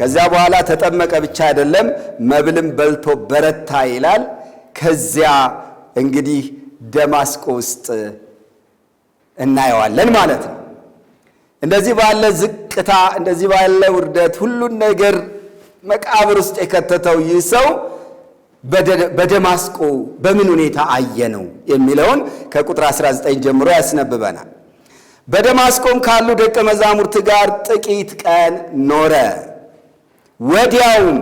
ከዚያ በኋላ ተጠመቀ ብቻ አይደለም፣ መብልም በልቶ በረታ ይላል። ከዚያ እንግዲህ ደማስቆ ውስጥ እናየዋለን ማለት ነው። እንደዚህ ባለ ዝቅታ፣ እንደዚህ ባለ ውርደት፣ ሁሉን ነገር መቃብር ውስጥ የከተተው ይህ ሰው በደማስቆ በምን ሁኔታ አየ ነው የሚለውን ከቁጥር 19 ጀምሮ ያስነብበናል። በደማስቆም ካሉ ደቀ መዛሙርት ጋር ጥቂት ቀን ኖረ። ወዲያውም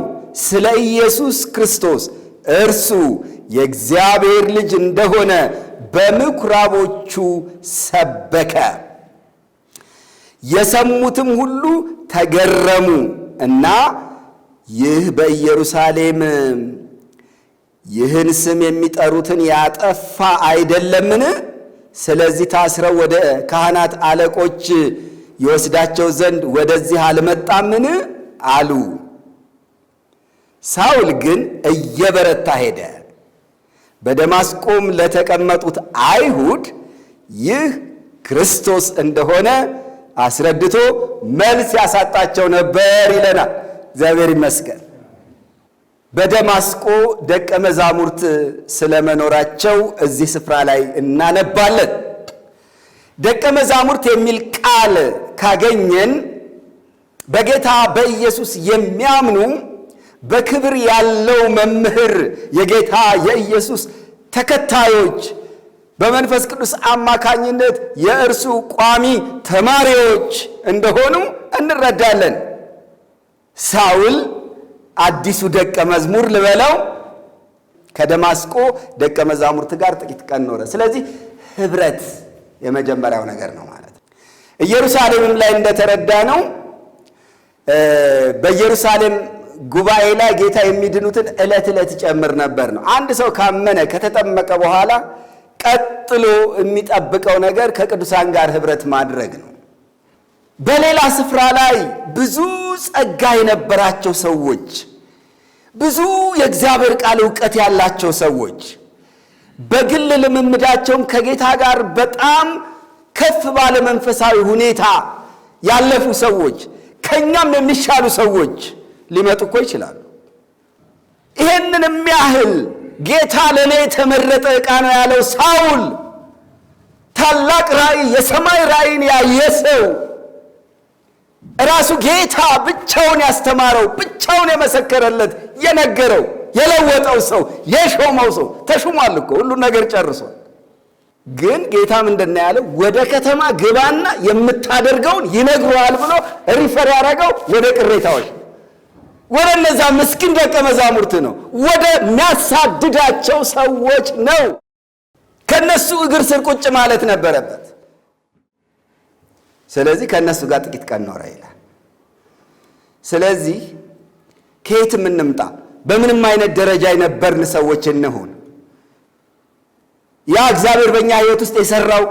ስለ ኢየሱስ ክርስቶስ እርሱ የእግዚአብሔር ልጅ እንደሆነ በምኩራቦቹ ሰበከ። የሰሙትም ሁሉ ተገረሙ እና ይህ በኢየሩሳሌም ይህን ስም የሚጠሩትን ያጠፋ አይደለምን? ስለዚህ ታስረው ወደ ካህናት አለቆች የወስዳቸው ዘንድ ወደዚህ አልመጣምን? አሉ። ሳውል ግን እየበረታ ሄደ። በደማስቆም ለተቀመጡት አይሁድ ይህ ክርስቶስ እንደሆነ አስረድቶ መልስ ያሳጣቸው ነበር ይለናል። እግዚአብሔር ይመስገን። በደማስቆ ደቀ መዛሙርት ስለመኖራቸው እዚህ ስፍራ ላይ እናነባለን። ደቀ መዛሙርት የሚል ቃል ካገኘን በጌታ በኢየሱስ የሚያምኑ በክብር ያለው መምህር የጌታ የኢየሱስ ተከታዮች በመንፈስ ቅዱስ አማካኝነት የእርሱ ቋሚ ተማሪዎች እንደሆኑ እንረዳለን። ሳውል አዲሱ ደቀ መዝሙር ልበለው ከደማስቆ ደቀ መዛሙርት ጋር ጥቂት ቀን ኖረ። ስለዚህ ህብረት የመጀመሪያው ነገር ነው ማለት ነው። ኢየሩሳሌምም ላይ እንደተረዳ ነው በኢየሩሳሌም ጉባኤ ላይ ጌታ የሚድኑትን ዕለት ዕለት ጨምር ነበር ነው። አንድ ሰው ካመነ ከተጠመቀ በኋላ ቀጥሎ የሚጠብቀው ነገር ከቅዱሳን ጋር ኅብረት ማድረግ ነው። በሌላ ስፍራ ላይ ብዙ ጸጋ የነበራቸው ሰዎች፣ ብዙ የእግዚአብሔር ቃል እውቀት ያላቸው ሰዎች በግል ልምምዳቸውም ከጌታ ጋር በጣም ከፍ ባለ መንፈሳዊ ሁኔታ ያለፉ ሰዎች፣ ከእኛም የሚሻሉ ሰዎች ሊመጡ እኮ ይችላሉ። ይህንን የሚያህል ጌታ ለእኔ የተመረጠ ዕቃ ነው ያለው ሳውል ታላቅ ራእይ፣ የሰማይ ራእይን ያየ ሰው ራሱ ጌታ ብቻውን ያስተማረው ብቻውን የመሰከረለት የነገረው የለወጠው ሰው የሾመው ሰው ተሹሟል እኮ ሁሉን ነገር ጨርሷል። ግን ጌታ ምንድን ያለው? ወደ ከተማ ግባና የምታደርገውን ይነግረዋል ብሎ ሪፈር ያደረገው ወደ ቅሬታዎች ወደ እነዛ ምስኪን ደቀ መዛሙርት ነው፣ ወደ ሚያሳድዳቸው ሰዎች ነው። ከነሱ እግር ስር ቁጭ ማለት ነበረበት። ስለዚህ ከእነሱ ጋር ጥቂት ቀን ኖረ ይላል። ስለዚህ ከየት የምንምጣ በምንም አይነት ደረጃ የነበርን ሰዎች እንሁን ያ እግዚአብሔር በእኛ ሕይወት ውስጥ የሰራው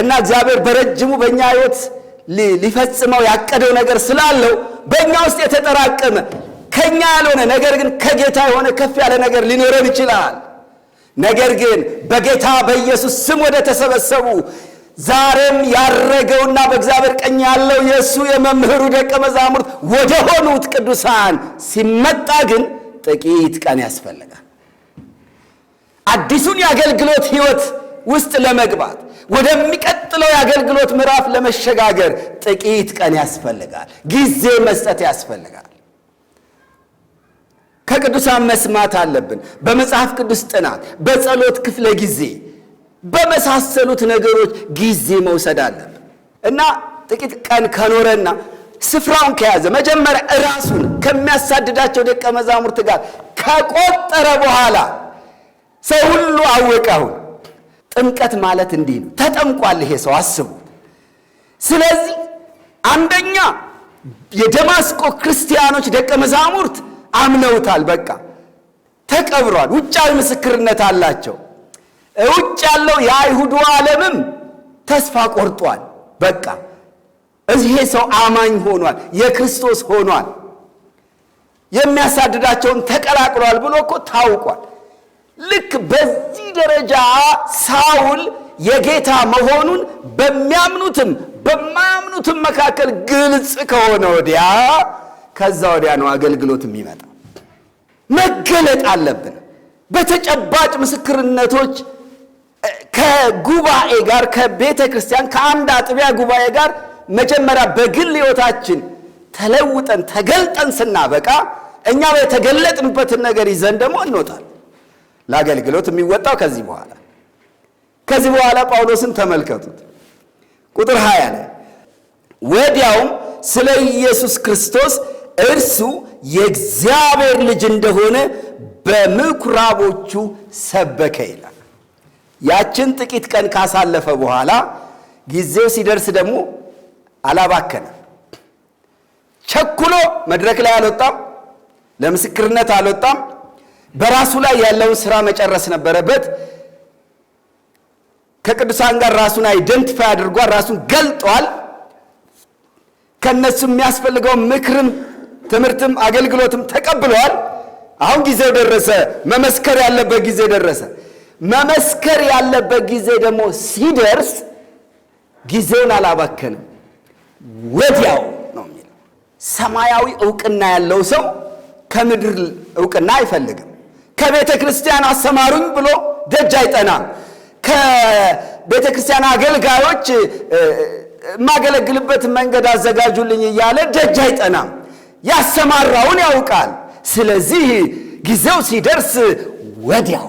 እና እግዚአብሔር በረጅሙ በእኛ ሕይወት ሊፈጽመው ያቀደው ነገር ስላለው በእኛ ውስጥ የተጠራቀመ ከኛ ያልሆነ ነገር ግን ከጌታ የሆነ ከፍ ያለ ነገር ሊኖረን ይችላል። ነገር ግን በጌታ በኢየሱስ ስም ወደ ተሰበሰቡ ዛሬም ያረገውና በእግዚአብሔር ቀኝ ያለው የእሱ የመምህሩ ደቀ መዛሙርት ወደ ሆኑት ቅዱሳን ሲመጣ ግን ጥቂት ቀን ያስፈልጋል። አዲሱን የአገልግሎት ሕይወት ውስጥ ለመግባት ወደሚቀጥለው የአገልግሎት ምዕራፍ ለመሸጋገር ጥቂት ቀን ያስፈልጋል። ጊዜ መስጠት ያስፈልጋል። ከቅዱሳን መስማት አለብን። በመጽሐፍ ቅዱስ ጥናት፣ በጸሎት ክፍለ ጊዜ፣ በመሳሰሉት ነገሮች ጊዜ መውሰድ አለብን እና ጥቂት ቀን ከኖረና ስፍራውን ከያዘ መጀመሪያ ራሱን ከሚያሳድዳቸው ደቀ መዛሙርት ጋር ከቆጠረ በኋላ ሰው ሁሉ አወቀ አሁን ጥምቀት ማለት እንዲህ ነው። ተጠምቋል ይሄ ሰው አስቡ። ስለዚህ አንደኛ የደማስቆ ክርስቲያኖች ደቀ መዛሙርት አምነውታል። በቃ ተቀብሯል። ውጫዊ ምስክርነት አላቸው። ውጭ ያለው የአይሁዱ ዓለምም ተስፋ ቆርጧል። በቃ ይሄ ሰው አማኝ ሆኗል፣ የክርስቶስ ሆኗል፣ የሚያሳድዳቸውን ተቀላቅሏል ብሎ እኮ ታውቋል። ልክ በዚህ ደረጃ ሳውል የጌታ መሆኑን በሚያምኑትም በማያምኑትም መካከል ግልጽ ከሆነ ወዲያ ከዛ ወዲያ ነው አገልግሎት የሚመጣ። መገለጥ አለብን። በተጨባጭ ምስክርነቶች ከጉባኤ ጋር ከቤተ ክርስቲያን ከአንድ አጥቢያ ጉባኤ ጋር መጀመሪያ በግል ሕይወታችን ተለውጠን ተገልጠን ስናበቃ እኛ የተገለጥንበትን ነገር ይዘን ደግሞ እንወጣል። ለአገልግሎት የሚወጣው ከዚህ በኋላ ከዚህ በኋላ ጳውሎስን ተመልከቱት። ቁጥር 20 ላይ ወዲያውም ስለ ኢየሱስ ክርስቶስ እርሱ የእግዚአብሔር ልጅ እንደሆነ በምኩራቦቹ ሰበከ ይላል። ያችን ጥቂት ቀን ካሳለፈ በኋላ ጊዜው ሲደርስ ደግሞ አላባከነም። ቸኩሎ መድረክ ላይ አልወጣም፣ ለምስክርነት አልወጣም። በራሱ ላይ ያለውን ስራ መጨረስ ነበረበት። ከቅዱሳን ጋር ራሱን አይደንቲፋይ አድርጓል። ራሱን ገልጧል። ከእነሱ የሚያስፈልገው ምክርም፣ ትምህርትም፣ አገልግሎትም ተቀብለዋል። አሁን ጊዜው ደረሰ። መመስከር ያለበት ጊዜ ደረሰ። መመስከር ያለበት ጊዜ ደግሞ ሲደርስ ጊዜውን አላባከንም፣ ወዲያው ነው የሚለው። ሰማያዊ እውቅና ያለው ሰው ከምድር እውቅና አይፈልግም። ከቤተ ክርስቲያን አሰማሩኝ ብሎ ደጅ አይጠናም። ከቤተ ክርስቲያን አገልጋዮች የማገለግልበት መንገድ አዘጋጁልኝ እያለ ደጅ አይጠናም። ያሰማራውን ያውቃል። ስለዚህ ጊዜው ሲደርስ ወዲያው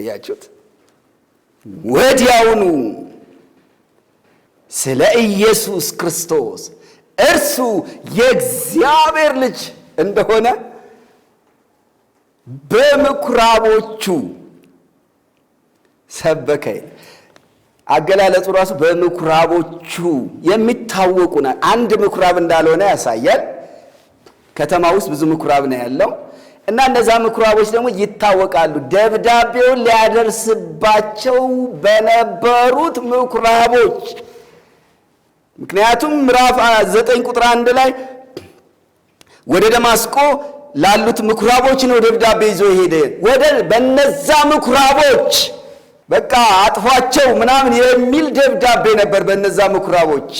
እያችሁት ወዲያውኑ ስለ ኢየሱስ ክርስቶስ እርሱ የእግዚአብሔር ልጅ እንደሆነ በምኩራቦቹ ሰበከ። አገላለጹ ራሱ በምኩራቦቹ የሚታወቁ አንድ ምኩራብ እንዳልሆነ ያሳያል። ከተማ ውስጥ ብዙ ምኩራብ ነው ያለው እና እነዛ ምኩራቦች ደግሞ ይታወቃሉ። ደብዳቤውን ሊያደርስባቸው በነበሩት ምኩራቦች ምክንያቱም ምዕራፍ ዘጠኝ ቁጥር አንድ ላይ ወደ ደማስቆ ላሉት ምኩራቦች ነው ደብዳቤ ይዞ የሄደ። ወደ በነዛ ምኩራቦች በቃ አጥፏቸው ምናምን የሚል ደብዳቤ ነበር። በነዛ ምኩራቦች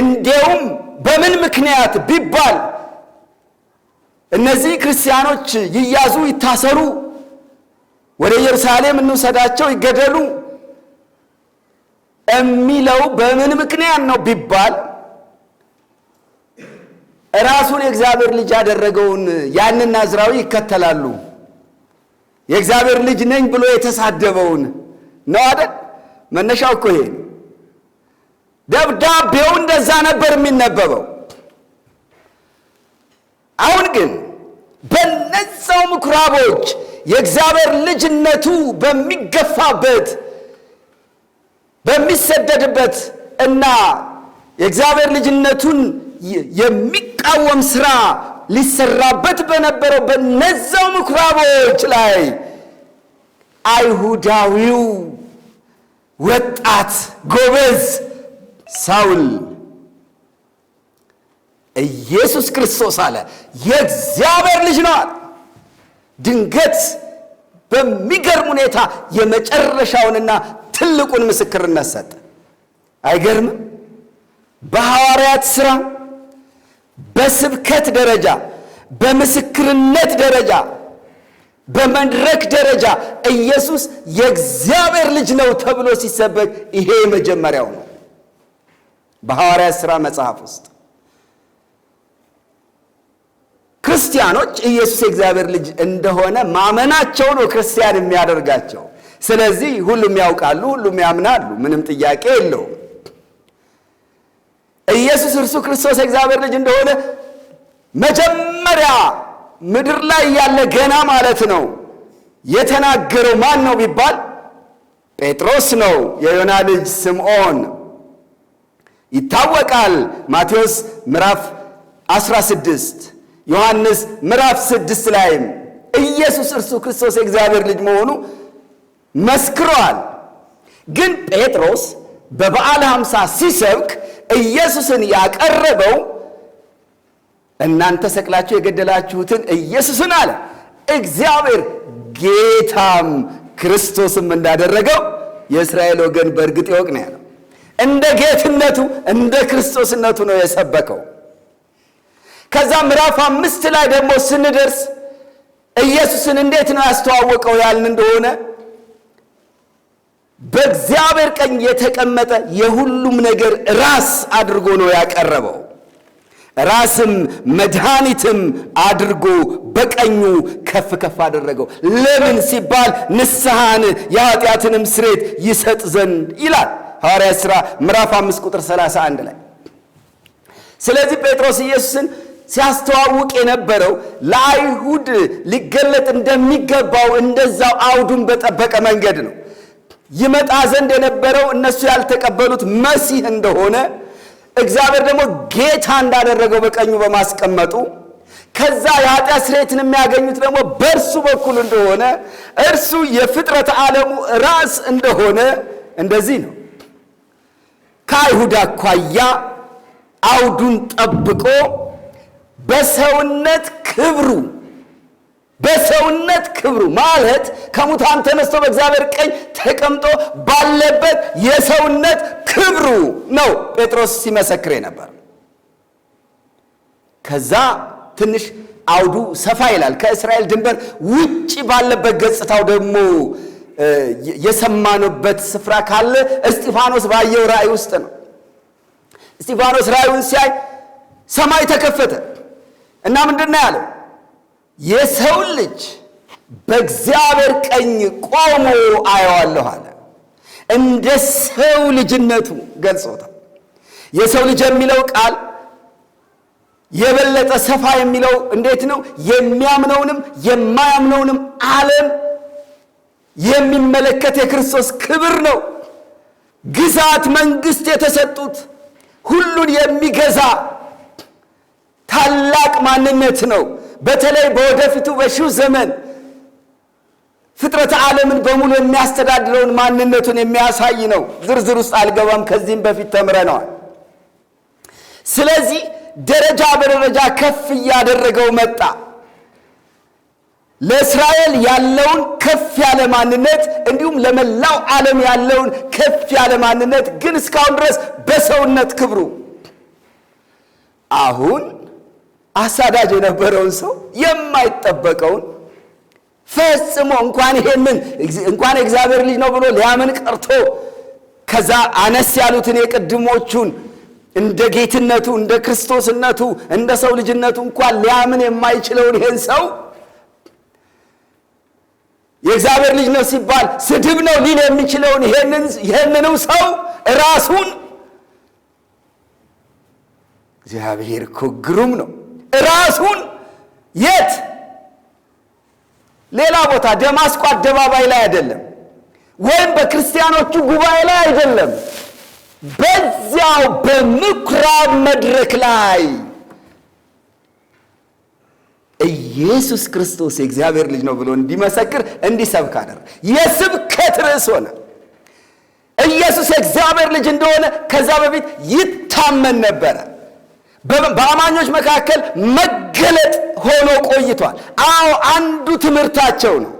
እንዲያውም በምን ምክንያት ቢባል እነዚህ ክርስቲያኖች ይያዙ፣ ይታሰሩ፣ ወደ ኢየሩሳሌም እንውሰዳቸው፣ ይገደሉ የሚለው በምን ምክንያት ነው ቢባል ራሱን የእግዚአብሔር ልጅ ያደረገውን ያንን ናዝራዊ ይከተላሉ። የእግዚአብሔር ልጅ ነኝ ብሎ የተሳደበውን ነው አይደል? መነሻው እኮ ይሄ ደብዳቤው እንደዛ ነበር የሚነበበው። አሁን ግን በነዛው ምኩራቦች የእግዚአብሔር ልጅነቱ በሚገፋበት በሚሰደድበት እና የእግዚአብሔር ልጅነቱን የሚቃወም ስራ ሊሰራበት በነበረው በነዛው ምኩራቦች ላይ አይሁዳዊው ወጣት ጎበዝ ሳውል ኢየሱስ ክርስቶስ አለ የእግዚአብሔር ልጅ ነው አለ። ድንገት በሚገርም ሁኔታ የመጨረሻውንና ትልቁን ምስክርነት ሰጠ። አይገርምም? በሐዋርያት ሥራ በስብከት ደረጃ፣ በምስክርነት ደረጃ፣ በመድረክ ደረጃ ኢየሱስ የእግዚአብሔር ልጅ ነው ተብሎ ሲሰበክ ይሄ የመጀመሪያው ነው። በሐዋርያ ሥራ መጽሐፍ ውስጥ ክርስቲያኖች ኢየሱስ የእግዚአብሔር ልጅ እንደሆነ ማመናቸው ነው ክርስቲያን የሚያደርጋቸው። ስለዚህ ሁሉም ያውቃሉ፣ ሁሉም ያምናሉ፣ ምንም ጥያቄ የለውም። ኢየሱስ እርሱ ክርስቶስ የእግዚአብሔር ልጅ እንደሆነ መጀመሪያ ምድር ላይ ያለ ገና ማለት ነው የተናገረው ማን ነው ቢባል ጴጥሮስ ነው። የዮና ልጅ ስምዖን ይታወቃል። ማቴዎስ ምዕራፍ 16 ዮሐንስ ምዕራፍ 6 ላይም ኢየሱስ እርሱ ክርስቶስ የእግዚአብሔር ልጅ መሆኑ መስክሯል። ግን ጴጥሮስ በበዓል ሐምሳ ሲሰብክ ኢየሱስን ያቀረበው እናንተ ሰቅላችሁ የገደላችሁትን ኢየሱስን አለ እግዚአብሔር ጌታም ክርስቶስም እንዳደረገው የእስራኤል ወገን በእርግጥ ይወቅ ነው ያለው። እንደ ጌትነቱ እንደ ክርስቶስነቱ ነው የሰበከው። ከዛ ምዕራፍ አምስት ላይ ደግሞ ስንደርስ ኢየሱስን እንዴት ነው ያስተዋወቀው ያልን እንደሆነ በእግዚአብሔር ቀኝ የተቀመጠ የሁሉም ነገር ራስ አድርጎ ነው ያቀረበው። ራስም መድኃኒትም አድርጎ በቀኙ ከፍ ከፍ አደረገው። ለምን ሲባል ንስሐን የኃጢአትንም ስሬት ይሰጥ ዘንድ ይላል ሐዋርያ ሥራ ምዕራፍ 5 ቁጥር 31 ላይ። ስለዚህ ጴጥሮስ ኢየሱስን ሲያስተዋውቅ የነበረው ለአይሁድ ሊገለጥ እንደሚገባው እንደዛው አውዱን በጠበቀ መንገድ ነው። ይመጣ ዘንድ የነበረው እነሱ ያልተቀበሉት መሲህ እንደሆነ እግዚአብሔር ደግሞ ጌታ እንዳደረገው በቀኙ በማስቀመጡ ከዛ የኃጢአት ስርየትን የሚያገኙት ደግሞ በእርሱ በኩል እንደሆነ እርሱ የፍጥረት ዓለሙ ራስ እንደሆነ እንደዚህ ነው። ከአይሁድ አኳያ አውዱን ጠብቆ በሰውነት ክብሩ በሰውነት ክብሩ ማለት ከሙታን ተነስቶ በእግዚአብሔር ቀኝ ተቀምጦ ባለበት የሰውነት ክብሩ ነው ጴጥሮስ ሲመሰክር ነበር። ከዛ ትንሽ አውዱ ሰፋ ይላል። ከእስራኤል ድንበር ውጭ ባለበት ገጽታው ደግሞ የሰማንበት ስፍራ ካለ እስጢፋኖስ ባየው ራእይ ውስጥ ነው። እስጢፋኖስ ራእዩን ሲያይ ሰማይ ተከፈተ እና ምንድን ነው ያለው? የሰው ልጅ በእግዚአብሔር ቀኝ ቆሞ አየዋለሁ አለ። እንደ ሰው ልጅነቱ ገልጾታል። የሰው ልጅ የሚለው ቃል የበለጠ ሰፋ የሚለው እንዴት ነው? የሚያምነውንም የማያምነውንም ዓለም የሚመለከት የክርስቶስ ክብር ነው። ግዛት፣ መንግስት የተሰጡት ሁሉን የሚገዛ ታላቅ ማንነት ነው። በተለይ በወደፊቱ በሺው ዘመን ፍጥረተ ዓለምን በሙሉ የሚያስተዳድረውን ማንነቱን የሚያሳይ ነው። ዝርዝር ውስጥ አልገባም፣ ከዚህም በፊት ተምረነዋል። ስለዚህ ደረጃ በደረጃ ከፍ እያደረገው መጣ። ለእስራኤል ያለውን ከፍ ያለ ማንነት እንዲሁም ለመላው ዓለም ያለውን ከፍ ያለ ማንነት ግን እስካሁን ድረስ በሰውነት ክብሩ አሁን አሳዳጅ የነበረውን ሰው የማይጠበቀውን ፈጽሞ እንኳን ይሄንን እንኳን እግዚአብሔር ልጅ ነው ብሎ ሊያምን ቀርቶ ከዛ አነስ ያሉትን የቅድሞቹን እንደ ጌትነቱ እንደ ክርስቶስነቱ እንደ ሰው ልጅነቱ እንኳን ሊያምን የማይችለውን ይሄን ሰው የእግዚአብሔር ልጅ ነው ሲባል ስድብ ነው ሊል የሚችለውን ይሄንንም ሰው ራሱን እግዚአብሔር እኮ ግሩም ነው። ራሱን የት ሌላ ቦታ ደማስቆ አደባባይ ላይ አይደለም፣ ወይም በክርስቲያኖቹ ጉባኤ ላይ አይደለም፣ በዚያው በምኩራብ መድረክ ላይ ኢየሱስ ክርስቶስ የእግዚአብሔር ልጅ ነው ብሎ እንዲመሰክር እንዲሰብክ አደረገ። የስብከት ርዕስ ሆነ። ኢየሱስ የእግዚአብሔር ልጅ እንደሆነ ከዛ በፊት ይታመን ነበረ። በአማኞች መካከል መገለጥ ሆኖ ቆይቷል። አዎ አንዱ ትምህርታቸው ነው።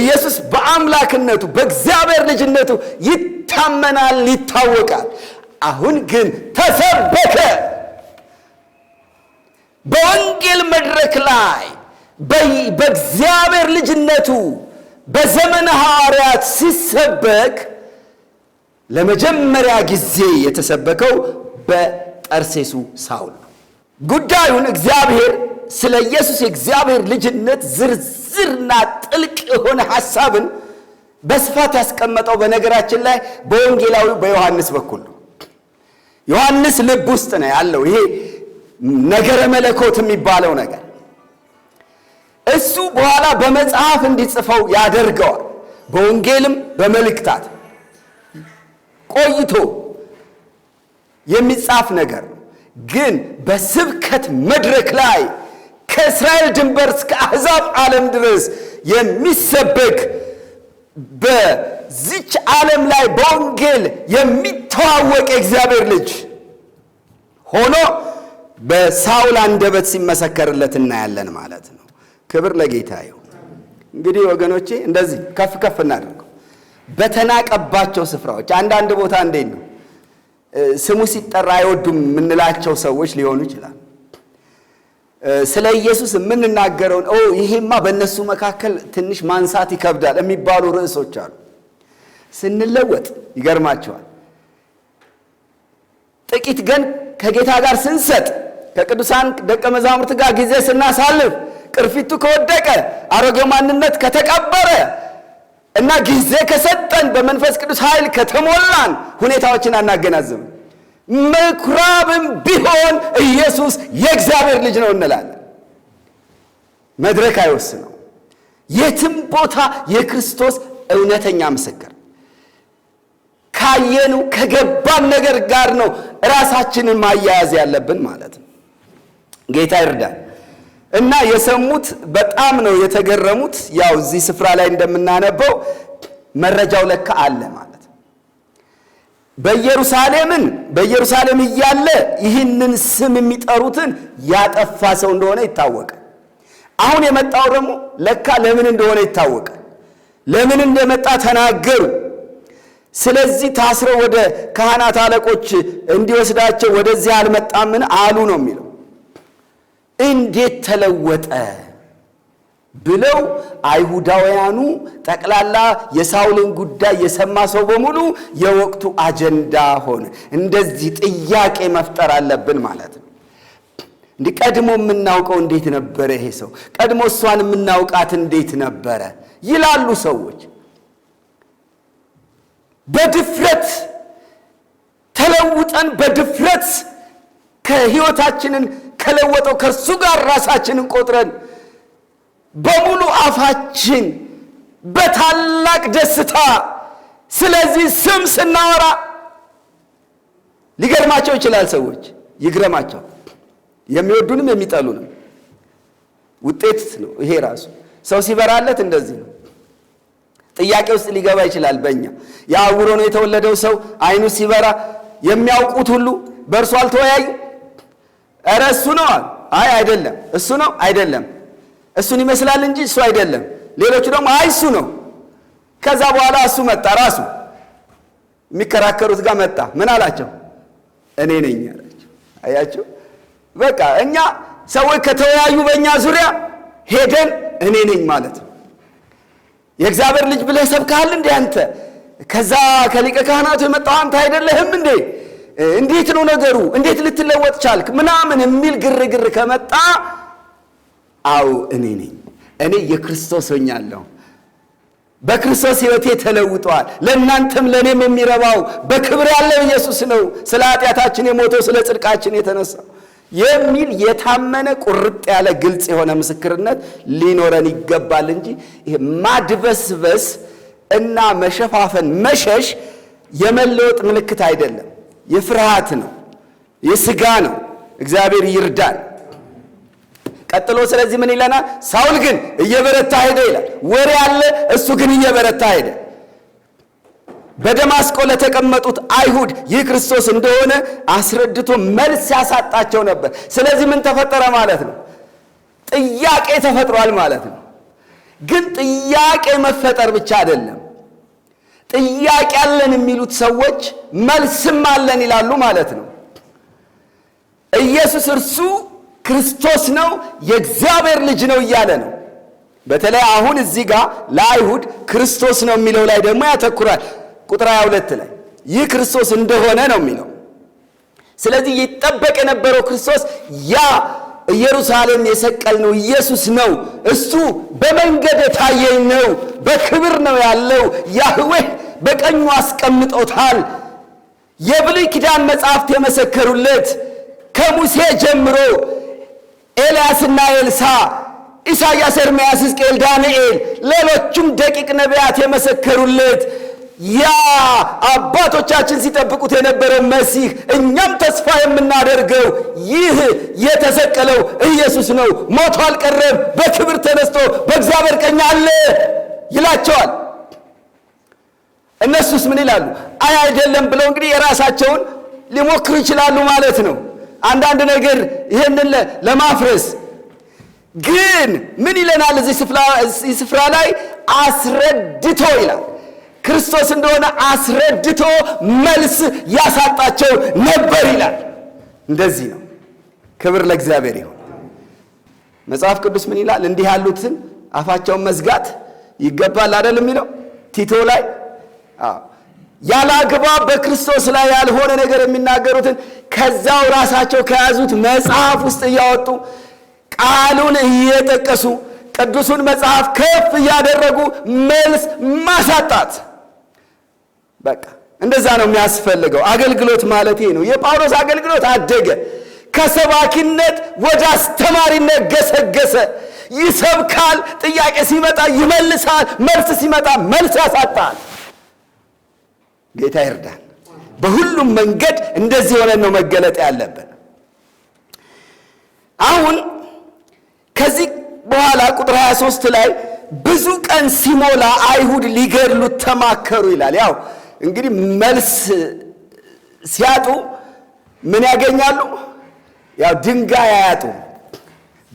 ኢየሱስ በአምላክነቱ በእግዚአብሔር ልጅነቱ ይታመናል፣ ይታወቃል። አሁን ግን ተሰበከ። በወንጌል መድረክ ላይ በእግዚአብሔር ልጅነቱ በዘመነ ሐዋርያት ሲሰበክ ለመጀመሪያ ጊዜ የተሰበከው ጠርሴሱ ሳውል ነው። ጉዳዩን እግዚአብሔር ስለ ኢየሱስ የእግዚአብሔር ልጅነት ዝርዝርና ጥልቅ የሆነ ሐሳብን በስፋት ያስቀመጠው በነገራችን ላይ በወንጌላዊ በዮሐንስ በኩል ነው። ዮሐንስ ልብ ውስጥ ነው ያለው ይሄ ነገረ መለኮት የሚባለው ነገር እሱ በኋላ በመጽሐፍ እንዲጽፈው ያደርገዋል። በወንጌልም በመልእክታት ቆይቶ የሚጻፍ ነገር ነው። ግን በስብከት መድረክ ላይ ከእስራኤል ድንበር እስከ አሕዛብ ዓለም ድረስ የሚሰበክ በዚች ዓለም ላይ በወንጌል የሚተዋወቅ የእግዚአብሔር ልጅ ሆኖ በሳውል አንደበት ሲመሰከርለት እናያለን ማለት ነው። ክብር ለጌታ ይሁን። እንግዲህ ወገኖቼ እንደዚህ ከፍ ከፍ እናደርገው። በተናቀባቸው ስፍራዎች አንዳንድ ቦታ እንዴት ነው ስሙ ሲጠራ አይወዱም የምንላቸው ሰዎች ሊሆኑ ይችላል። ስለ ኢየሱስ የምንናገረውን ኦ ይሄማ በእነሱ መካከል ትንሽ ማንሳት ይከብዳል የሚባሉ ርዕሶች አሉ። ስንለወጥ ይገርማቸዋል። ጥቂት ግን ከጌታ ጋር ስንሰጥ፣ ከቅዱሳን ደቀ መዛሙርት ጋር ጊዜ ስናሳልፍ፣ ቅርፊቱ ከወደቀ፣ አሮጌ ማንነት ከተቀበረ እና ጊዜ ከሰጠን በመንፈስ ቅዱስ ኃይል ከተሞላን ሁኔታዎችን አናገናዝም ምኩራብም ቢሆን ኢየሱስ የእግዚአብሔር ልጅ ነው እንላለን። መድረክ አይወስነው። የትም ቦታ የክርስቶስ እውነተኛ ምስክር ካየኑ ከገባን ነገር ጋር ነው ራሳችንን ማያያዝ ያለብን ማለት ነው። ጌታ ይርዳል። እና የሰሙት በጣም ነው የተገረሙት። ያው እዚህ ስፍራ ላይ እንደምናነበው መረጃው ለካ አለ ማለት በኢየሩሳሌምን በኢየሩሳሌም እያለ ይህንን ስም የሚጠሩትን ያጠፋ ሰው እንደሆነ ይታወቃል። አሁን የመጣው ደግሞ ለካ ለምን እንደሆነ ይታወቃል። ለምን እንደመጣ ተናገሩ። ስለዚህ ታስረው ወደ ካህናት አለቆች እንዲወስዳቸው ወደዚህ አልመጣምን አሉ ነው የሚለው እንዴት ተለወጠ ብለው አይሁዳውያኑ ጠቅላላ የሳውልን ጉዳይ የሰማ ሰው በሙሉ የወቅቱ አጀንዳ ሆነ። እንደዚህ ጥያቄ መፍጠር አለብን ማለት ነው። እንዲህ ቀድሞ የምናውቀው እንዴት ነበረ? ይሄ ሰው ቀድሞ እሷን የምናውቃት እንዴት ነበረ? ይላሉ ሰዎች። በድፍረት ተለውጠን በድፍረት ከህይወታችንን ከለወጠው ከእርሱ ጋር ራሳችንን ቆጥረን በሙሉ አፋችን በታላቅ ደስታ ስለዚህ ስም ስናወራ ሊገርማቸው ይችላል። ሰዎች ይግረማቸው፣ የሚወዱንም የሚጠሉንም ውጤት ነው ይሄ ራሱ። ሰው ሲበራለት እንደዚህ ነው። ጥያቄ ውስጥ ሊገባ ይችላል። በእኛ የአውሮ ነው የተወለደው ሰው አይኑ ሲበራ የሚያውቁት ሁሉ በእርሱ አልተወያዩ እረ እሱ ነው። አይ አይደለም፣ እሱ ነው አይደለም፣ እሱን ይመስላል እንጂ እሱ አይደለም። ሌሎቹ ደግሞ አይ እሱ ነው። ከዛ በኋላ እሱ መጣ፣ ራሱ የሚከራከሩት ጋር መጣ። ምን አላቸው? እኔ ነኝ አላቸው። አያችሁ፣ በቃ እኛ ሰዎች ከተወያዩ በእኛ ዙሪያ ሄደን እኔ ነኝ ማለት ነው። የእግዚአብሔር ልጅ ብለህ ሰብከሃል እንዴ አንተ? ከዛ ከሊቀ ካህናቱ የመጣው አንተ አይደለህም እንዴ? እንዴት ነው ነገሩ? እንዴት ልትለወጥ ቻልክ? ምናምን የሚል ግርግር ከመጣ አው እኔ ነኝ። እኔ የክርስቶስ ሆኛለሁ። በክርስቶስ ሕይወቴ ተለውጧል። ለእናንተም ለእኔም የሚረባው በክብር ያለው ኢየሱስ ነው፣ ስለ ኃጢአታችን የሞተው ስለ ጽድቃችን የተነሳው የሚል የታመነ ቁርጥ ያለ ግልጽ የሆነ ምስክርነት ሊኖረን ይገባል እንጂ ይሄ ማድበስበስ እና መሸፋፈን፣ መሸሽ የመለወጥ ምልክት አይደለም። የፍርሃት ነው፣ የስጋ ነው። እግዚአብሔር ይርዳል። ቀጥሎ ስለዚህ ምን ይለናል? ሳውል ግን እየበረታ ሄደ ይላል። ወሬ አለ፣ እሱ ግን እየበረታ ሄደ። በደማስቆ ለተቀመጡት አይሁድ ይህ ክርስቶስ እንደሆነ አስረድቶ መልስ ያሳጣቸው ነበር። ስለዚህ ምን ተፈጠረ ማለት ነው? ጥያቄ ተፈጥሯል ማለት ነው። ግን ጥያቄ መፈጠር ብቻ አይደለም ጥያቄ አለን የሚሉት ሰዎች መልስም አለን ይላሉ ማለት ነው። ኢየሱስ እርሱ ክርስቶስ ነው፣ የእግዚአብሔር ልጅ ነው እያለ ነው። በተለይ አሁን እዚህ ጋር ለአይሁድ ክርስቶስ ነው የሚለው ላይ ደግሞ ያተኩራል። ቁጥር 22 ላይ ይህ ክርስቶስ እንደሆነ ነው የሚለው። ስለዚህ ይጠበቅ የነበረው ክርስቶስ ያ ኢየሩሳሌም የሰቀልነው ኢየሱስ ነው። እሱ በመንገድ የታየኝ ነው። በክብር ነው ያለው። ያህዌህ በቀኙ አስቀምጦታል። የብሉይ ኪዳን መጻሕፍት የመሰከሩለት ከሙሴ ጀምሮ ኤልያስና ኤልሳ፣ ኢሳያስ፣ ኤርምያስ፣ ሕዝቅኤል፣ ዳንኤል ሌሎቹም ደቂቅ ነቢያት የመሰከሩለት ያ አባቶቻችን ሲጠብቁት የነበረው መሲህ እኛም ተስፋ የምናደርገው ይህ የተሰቀለው ኢየሱስ ነው። ሞቶ አልቀረም፣ በክብር ተነስቶ በእግዚአብሔር ቀኝ አለ ይላቸዋል። እነሱስ ምን ይላሉ? አይ አይደለም ብለው እንግዲህ የራሳቸውን ሊሞክሩ ይችላሉ ማለት ነው። አንዳንድ ነገር ይህንን ለማፍረስ ግን ምን ይለናል? እዚህ ስፍራ ላይ አስረድቶ ይላል ክርስቶስ እንደሆነ አስረድቶ መልስ ያሳጣቸው ነበር ይላል። እንደዚህ ነው። ክብር ለእግዚአብሔር ይሁን። መጽሐፍ ቅዱስ ምን ይላል? እንዲህ ያሉትን አፋቸውን መዝጋት ይገባል አደል የሚለው ቲቶ ላይ ያለ አግባብ በክርስቶስ ላይ ያልሆነ ነገር የሚናገሩትን ከዛው ራሳቸው ከያዙት መጽሐፍ ውስጥ እያወጡ ቃሉን እየጠቀሱ ቅዱሱን መጽሐፍ ከፍ እያደረጉ መልስ ማሳጣት በቃ እንደዛ ነው የሚያስፈልገው። አገልግሎት ማለት ይሄ ነው። የጳውሎስ አገልግሎት አደገ። ከሰባኪነት ወደ አስተማሪነት ገሰገሰ። ይሰብካል። ጥያቄ ሲመጣ ይመልሳል። መልስ ሲመጣ መልስ ያሳጣል። ጌታ ይርዳን። በሁሉም መንገድ እንደዚህ የሆነን ነው መገለጥ ያለብን። አሁን ከዚህ በኋላ ቁጥር 23 ላይ ብዙ ቀን ሲሞላ አይሁድ ሊገድሉት ተማከሩ ይላል ያው እንግዲህ መልስ ሲያጡ ምን ያገኛሉ? ያው ድንጋይ አያጡ።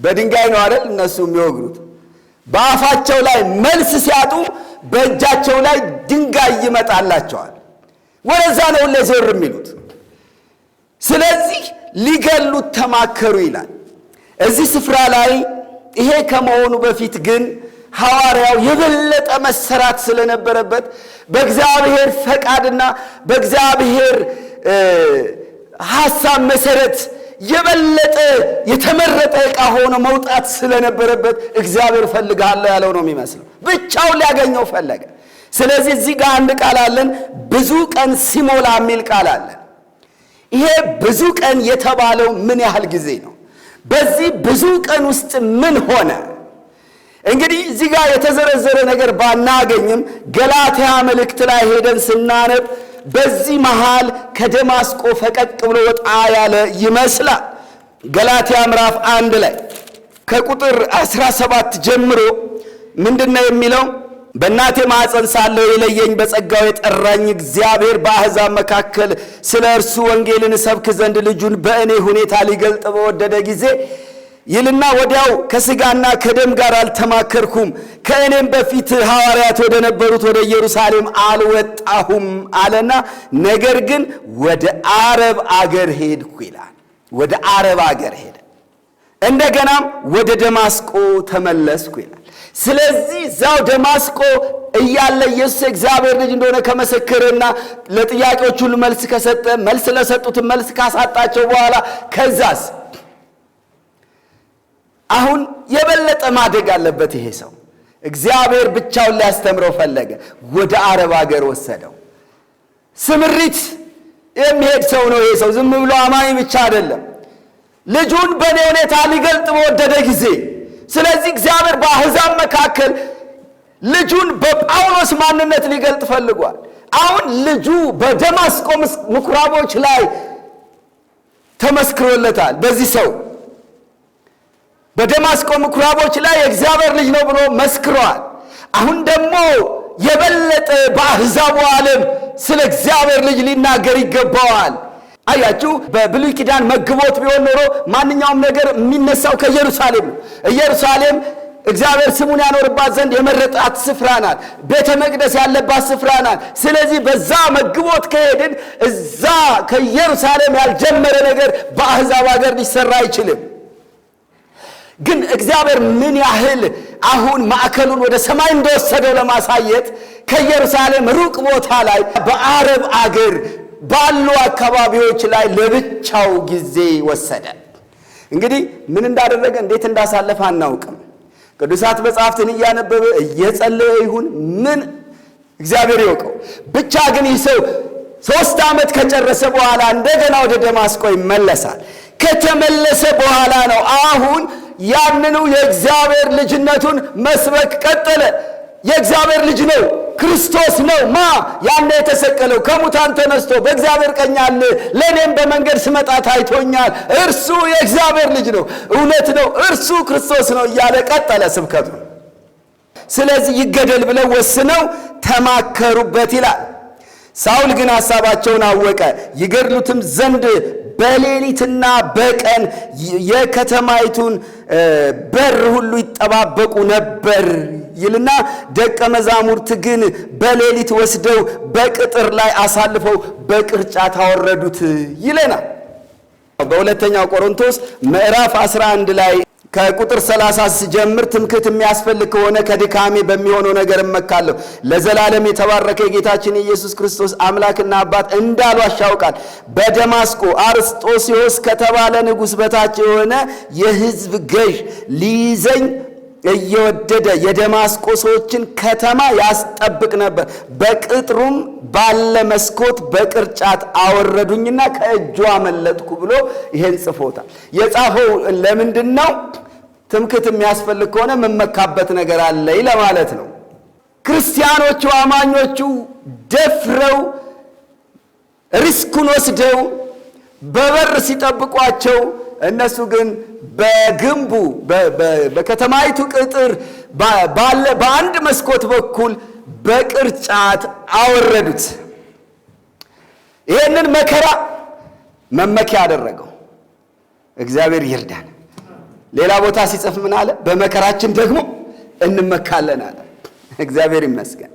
በድንጋይ ነው አይደል እነሱ የሚወግሩት። በአፋቸው ላይ መልስ ሲያጡ በእጃቸው ላይ ድንጋይ ይመጣላቸዋል። ወደዛ ነው ለዞር የሚሉት። ስለዚህ ሊገሉት ተማከሩ ይላል። እዚህ ስፍራ ላይ ይሄ ከመሆኑ በፊት ግን ሐዋርያው የበለጠ መሰራት ስለነበረበት በእግዚአብሔር ፈቃድና በእግዚአብሔር ሐሳብ መሰረት የበለጠ የተመረጠ ዕቃ ሆኖ መውጣት ስለነበረበት እግዚአብሔር ፈልግሃለሁ ያለው ነው የሚመስለው። ብቻውን ሊያገኘው ፈለገ። ስለዚህ እዚህ ጋር አንድ ቃል አለን፣ ብዙ ቀን ሲሞላ የሚል ቃል አለን። ይሄ ብዙ ቀን የተባለው ምን ያህል ጊዜ ነው? በዚህ ብዙ ቀን ውስጥ ምን ሆነ? እንግዲህ እዚህ ጋር የተዘረዘረ ነገር ባናገኝም ገላትያ መልእክት ላይ ሄደን ስናነብ በዚህ መሃል ከደማስቆ ፈቀቅ ብሎ ወጣ ያለ ይመስላል። ገላትያ ምዕራፍ አንድ ላይ ከቁጥር 17 ጀምሮ ምንድን ነው የሚለው? በእናቴ ማዕፀን ሳለሁ የለየኝ በጸጋው የጠራኝ እግዚአብሔር በአሕዛብ መካከል ስለ እርሱ ወንጌልን እሰብክ ዘንድ ልጁን በእኔ ሁኔታ ሊገልጥ በወደደ ጊዜ ይልና ወዲያው ከሥጋና ከደም ጋር አልተማከርኩም፣ ከእኔም በፊት ሐዋርያት ወደ ነበሩት ወደ ኢየሩሳሌም አልወጣሁም አለና፣ ነገር ግን ወደ አረብ አገር ሄድኩ ይላል። ወደ አረብ አገር ሄደ፣ እንደገናም ወደ ደማስቆ ተመለስኩ ይላል። ስለዚህ እዛው ደማስቆ እያለ ኢየሱስ እግዚአብሔር ልጅ እንደሆነ ከመሰከረና ለጥያቄዎች ሁሉ መልስ ከሰጠ መልስ ለሰጡትን መልስ ካሳጣቸው በኋላ ከዛስ አሁን የበለጠ ማደግ አለበት ይሄ ሰው። እግዚአብሔር ብቻውን ሊያስተምረው ፈለገ። ወደ አረብ ሀገር ወሰደው። ስምሪት የሚሄድ ሰው ነው ይሄ ሰው። ዝም ብሎ አማኝ ብቻ አይደለም። ልጁን በእኔ ሁኔታ ሊገልጥ በወደደ ጊዜ ስለዚህ እግዚአብሔር በአሕዛብ መካከል ልጁን በጳውሎስ ማንነት ሊገልጥ ፈልጓል። አሁን ልጁ በደማስቆ ምኩራቦች ላይ ተመስክሮለታል በዚህ ሰው በደማስቆ ምኩራቦች ላይ የእግዚአብሔር ልጅ ነው ብሎ መስክሯል። አሁን ደግሞ የበለጠ በአሕዛቡ ዓለም ስለ እግዚአብሔር ልጅ ሊናገር ይገባዋል። አያችሁ፣ በብሉይ ኪዳን መግቦት ቢሆን ኖሮ ማንኛውም ነገር የሚነሳው ከኢየሩሳሌም ነው። ኢየሩሳሌም እግዚአብሔር ስሙን ያኖርባት ዘንድ የመረጣት ስፍራ ናት። ቤተ መቅደስ ያለባት ስፍራ ናት። ስለዚህ በዛ መግቦት ከሄድን እዛ ከኢየሩሳሌም ያልጀመረ ነገር በአሕዛብ ሀገር ሊሰራ አይችልም። ግን እግዚአብሔር ምን ያህል አሁን ማዕከሉን ወደ ሰማይ እንደወሰደው ለማሳየት ከኢየሩሳሌም ሩቅ ቦታ ላይ በአረብ አገር ባሉ አካባቢዎች ላይ ለብቻው ጊዜ ወሰደ። እንግዲህ ምን እንዳደረገ እንዴት እንዳሳለፈ አናውቅም። ቅዱሳት መጽሐፍትን እያነበበ እየጸለየ ይሁን ምን እግዚአብሔር ይወቀው። ብቻ ግን ይህ ሰው ሶስት ዓመት ከጨረሰ በኋላ እንደገና ወደ ደማስቆ ይመለሳል። ከተመለሰ በኋላ ነው አሁን ያንኑ የእግዚአብሔር ልጅነቱን መስበክ ቀጠለ። የእግዚአብሔር ልጅ ነው፣ ክርስቶስ ነው። ማ ያን የተሰቀለው ከሙታን ተነስቶ በእግዚአብሔር ቀኝ አለ። ለእኔም በመንገድ ስመጣ ታይቶኛል። እርሱ የእግዚአብሔር ልጅ ነው፣ እውነት ነው፣ እርሱ ክርስቶስ ነው እያለ ቀጠለ ስብከቱ። ስለዚህ ይገደል ብለው ወስነው ተማከሩበት ይላል። ሳውል ግን ሐሳባቸውን አወቀ፣ ይገድሉትም ዘንድ በሌሊትና በቀን የከተማይቱን በር ሁሉ ይጠባበቁ ነበር ይልና ደቀ መዛሙርት ግን በሌሊት ወስደው በቅጥር ላይ አሳልፈው በቅርጫት አወረዱት ይለናል። በሁለተኛው ቆሮንቶስ ምዕራፍ 11 ላይ ከቁጥር 30 ሲጀምር ትምክህት የሚያስፈልግ ከሆነ ከድካሜ በሚሆነው ነገር እመካለሁ። ለዘላለም የተባረከ የጌታችን የኢየሱስ ክርስቶስ አምላክና አባት እንዳሉ ያውቃል። በደማስቆ አርስጦስዮስ ከተባለ ንጉሥ በታች የሆነ የሕዝብ ገዥ ሊይዘኝ እየወደደ የደማስቆ ሰዎችን ከተማ ያስጠብቅ ነበር። በቅጥሩም ባለ መስኮት በቅርጫት አወረዱኝና ከእጁ አመለጥኩ ብሎ ይሄን ጽፎታል። የጻፈው ለምንድን ነው? ትምክት የሚያስፈልግ ከሆነ የምመካበት ነገር አለኝ ለማለት ነው። ክርስቲያኖቹ አማኞቹ ደፍረው ሪስኩን ወስደው በበር ሲጠብቋቸው እነሱ ግን በግንቡ በከተማይቱ ቅጥር ባለ በአንድ መስኮት በኩል በቅርጫት አወረዱት። ይህንን መከራ መመኪያ አደረገው። እግዚአብሔር ይርዳን። ሌላ ቦታ ሲጽፍ ምን አለ? በመከራችን ደግሞ እንመካለን አለ። እግዚአብሔር ይመስገን።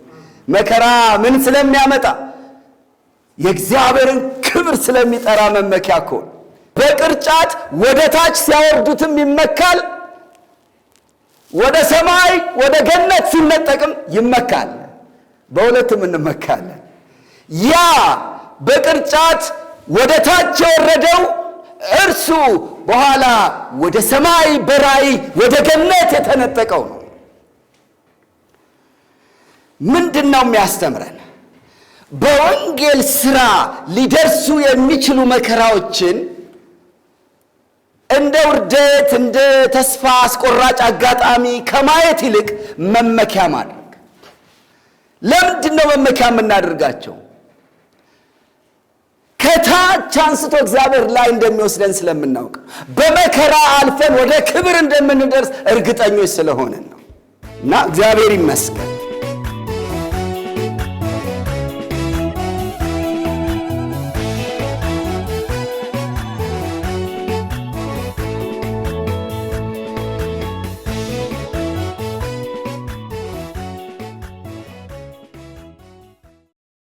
መከራ ምን ስለሚያመጣ የእግዚአብሔርን ክብር ስለሚጠራ መመኪያ እኮ በቅርጫት ወደ ታች ሲያወርዱትም ይመካል። ወደ ሰማይ ወደ ገነት ሲነጠቅም ይመካል። በሁለትም እንመካለን። ያ በቅርጫት ወደ ታች የወረደው እርሱ በኋላ ወደ ሰማይ በራእይ ወደ ገነት የተነጠቀው ነው። ምንድን ነው የሚያስተምረን? በወንጌል ሥራ ሊደርሱ የሚችሉ መከራዎችን እንደ ውርደት እንደ ተስፋ አስቆራጭ አጋጣሚ ከማየት ይልቅ መመኪያ ማድረግ። ለምንድን ነው መመኪያ የምናደርጋቸው? ከታች አንስቶ እግዚአብሔር ላይ እንደሚወስደን ስለምናውቅ፣ በመከራ አልፈን ወደ ክብር እንደምንደርስ እርግጠኞች ስለሆነን ነው እና እግዚአብሔር ይመስገን።